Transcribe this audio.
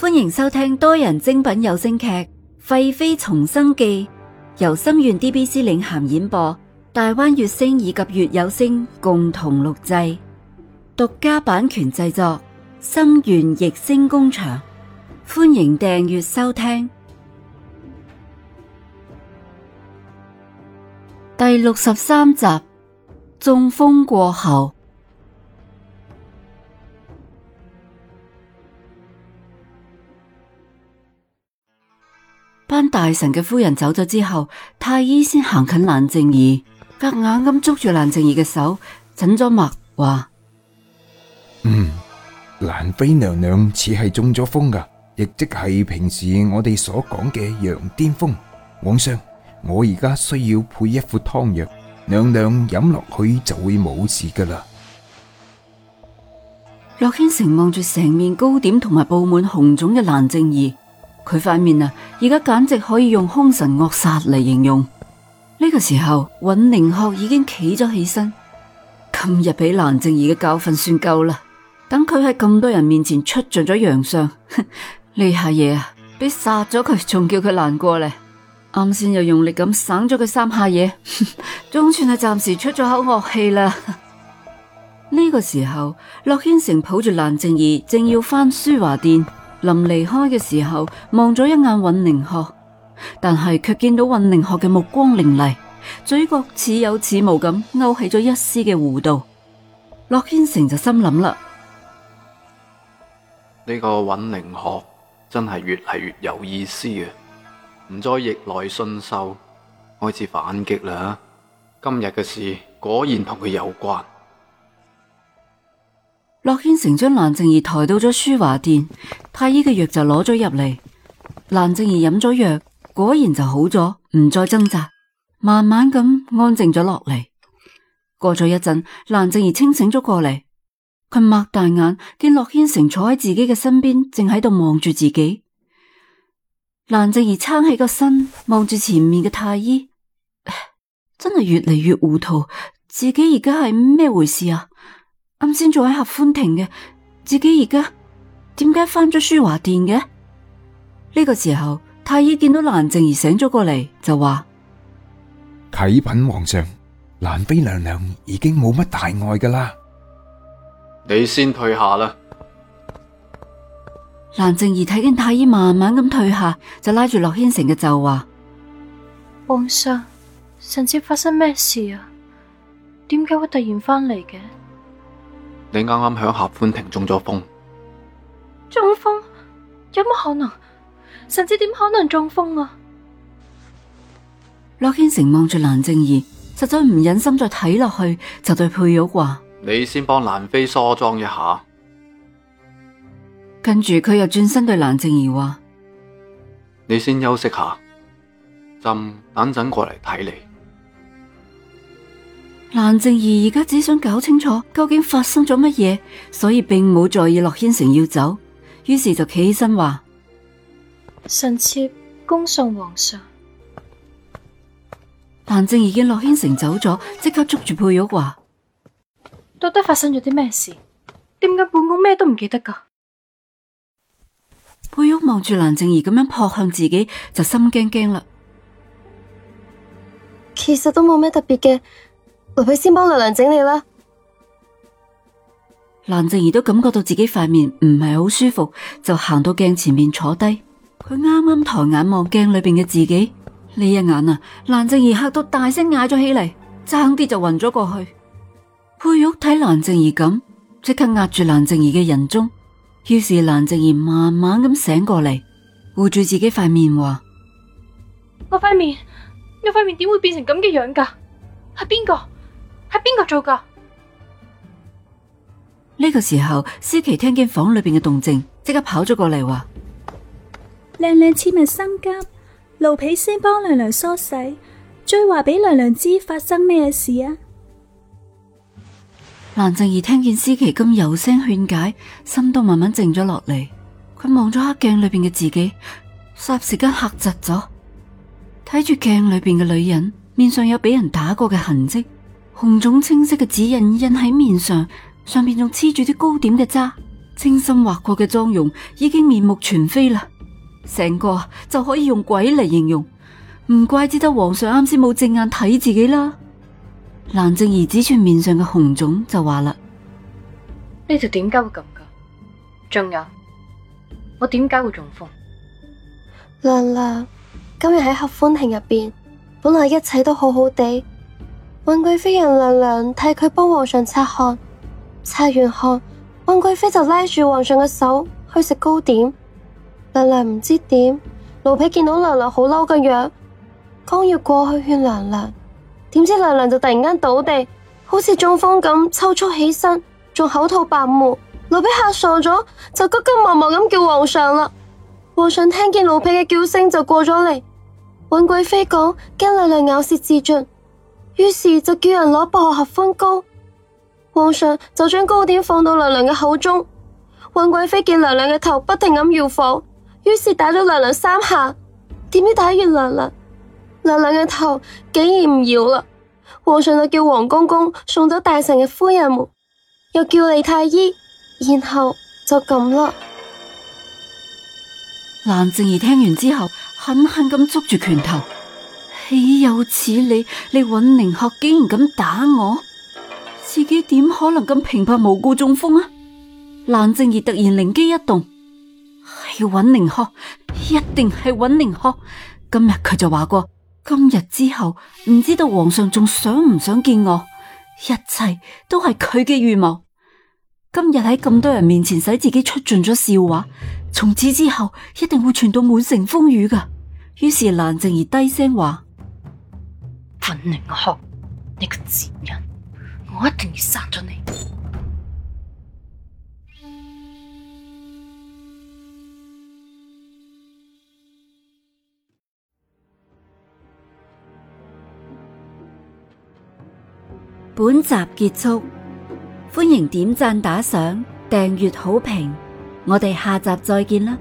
歡迎收聽多人精品有聲劇《廢妃重生記》，由心願 DBC 領銜演播，大灣月星以及月有聲共同錄製，獨家版權製作，心源逸星工場。歡迎訂閱收聽第六十三集：中風過後。班大臣嘅夫人走咗之後，太醫先行近蘭靜儀，隔硬咁捉住蘭靜儀嘅手，診咗脈，話：嗯，蘭妃娘娘似係中咗風噶，亦即係平時我哋所講嘅羊癲瘋。皇上，我而家需要配一副湯藥，娘娘飲落去就會冇事噶啦。駱軒成望住成面糕點同埋布滿紅腫嘅蘭靜儀。佢塊面啊，而家簡直可以用凶神惡煞嚟形容。呢個時候，尹寧學已經企咗起身。今日俾蘭靜兒嘅教訓算夠啦。等佢喺咁多人面前出盡咗洋相，哼，呢下嘢啊，俾殺咗佢仲叫佢難過咧。啱先又用力咁省咗佢三下嘢，總算係暫時出咗口惡氣啦。呢個時候，洛軒成抱住蘭靜兒，正要翻書華殿。臨離開嘅時候，望咗一眼尹寧學，但係卻見到尹寧學嘅目光凌厲，嘴角似有似無咁勾起咗一絲嘅弧度。洛軒成就心諗啦：呢個尹寧學真係越嚟越有意思啊！唔再逆來順受，開始反擊啦！今日嘅事果然同佢有關。洛軒成將蘭靜兒抬到咗書華殿，太醫嘅藥就攞咗入嚟。蘭靜兒飲咗藥，果然就好咗，唔再掙扎，慢慢咁安靜咗落嚟。過咗一陣，蘭靜兒清醒咗過嚟，佢擘大眼，見洛軒成坐喺自己嘅身邊，正喺度望住自己。蘭靜兒撐起個身，望住前面嘅太醫，真係越嚟越糊塗，自己而家係咩回事啊？啱先仲喺合歡亭嘅，自己而家點解翻咗舒華殿嘅？呢個時候，太醫見到蘭靜怡醒咗過嚟，就話啟稟皇上，蘭妃娘娘已經冇乜大礙噶啦。你先退下啦。蘭靜怡睇見太醫慢慢咁退下，就拉住洛軒成嘅袖話：皇上，上次發生咩事啊？點解會突然翻嚟嘅？你啱啱喺合歡亭中咗風。中風有乜可能？甚至點可能中風啊？駱軒成望住蘭靜儀，實在唔忍心再睇落去，就對佩玉話：你先幫蘭妃梳妝一下。跟住佢又轉身對蘭靜儀話：你先休息下，朕等陣過嚟睇你。蘭靜兒而家只想搞清楚究竟發生咗乜嘢，所以並冇在意洛軒成要走，於是就企起身話：臣妾恭送皇上。蘭靜兒見洛軒成走咗，即刻捉住佩玉話：到底發生咗啲咩事？點解本宮咩都唔記得噶？佩玉望住蘭靜兒咁樣撲向自己，就心驚驚啦。其實都冇咩特別嘅。我先幫娘娘整理啦。蘭靜怡都感覺到自己塊面唔係好舒服，就行到鏡前面坐低。佢啱啱抬眼望鏡裏邊嘅自己，呢一眼啊，蘭靜怡吓到大聲嗌咗起嚟，爭啲就暈咗過去。佩玉睇蘭靜怡咁，即刻壓住蘭靜怡嘅人中。於是蘭靜怡慢慢咁醒過嚟，護住自己塊面話：我塊面，你塊面點會變成咁嘅樣噶？係邊個？係邊個做噶？呢個時候，思琪聽見房裏邊嘅動靜，即刻跑咗過嚟話：娘娘切勿心急，奴婢先幫娘娘梳洗，再話俾娘娘知發生咩事啊！蘭靜兒聽見思琪咁有聲勸解，心都慢慢靜咗落嚟。佢望咗黑鏡裏邊嘅自己，霎時間嚇窒咗，睇住鏡裏邊嘅女人，面上有俾人打過嘅痕跡。紅腫清晰嘅指印印喺面上，上邊仲黐住啲糕點嘅渣，精心劃過嘅妝容已經面目全非啦，成個就可以用鬼嚟形容，唔怪之得皇上啱先冇正眼睇自己啦。蘭靜兒指住面上嘅紅腫就話啦：呢度點解會咁噶？仲有我點解會中風？娘娘今日喺合歡亭入邊，本來一切都好好地。尹貴妃讓娘娘替佢幫皇上擦汗，擦完汗，尹貴妃就拉住皇上嘅手去食糕點。娘娘唔知點，奴婢見到娘娘好嬲嘅樣，剛要過去勸娘娘，點知娘娘就突然間倒地，好似中風咁抽搐起身，仲口吐白沫，奴婢嚇傻咗，就急急忙忙咁叫皇上啦。皇上聽見奴婢嘅叫聲就過咗嚟，尹貴妃講驚娘娘咬舌自盡。於是就叫人攞薄荷粉糕，皇上就將糕點放到娘娘嘅口中。允貴妃見娘娘嘅頭不停咁搖晃，於是打咗娘娘三下，點知打完娘娘，娘娘嘅頭竟然唔搖啦。皇上就叫王公公送咗大臣嘅夫人們，又叫李太醫，然後就咁啦。蘭靜兒聽完之後，狠狠咁捉住拳頭。豈有此理！你尹寧鶴竟然敢打我，自己點可能咁平白無故中風啊？蘭靜兒突然靈機一動，係尹寧鶴，一定係尹寧鶴。今日佢就話過，今日之後唔知道皇上仲想唔想見我，一切都係佢嘅預謀。今日喺咁多人面前使自己出盡咗笑話，從此之後一定會傳到滿城風雨噶。於是蘭靜兒低聲話。憤怒，你個賤人，我一定要殺咗你！本集結束，歡迎點讚、打賞、訂閱、好評，我哋下集再見啦！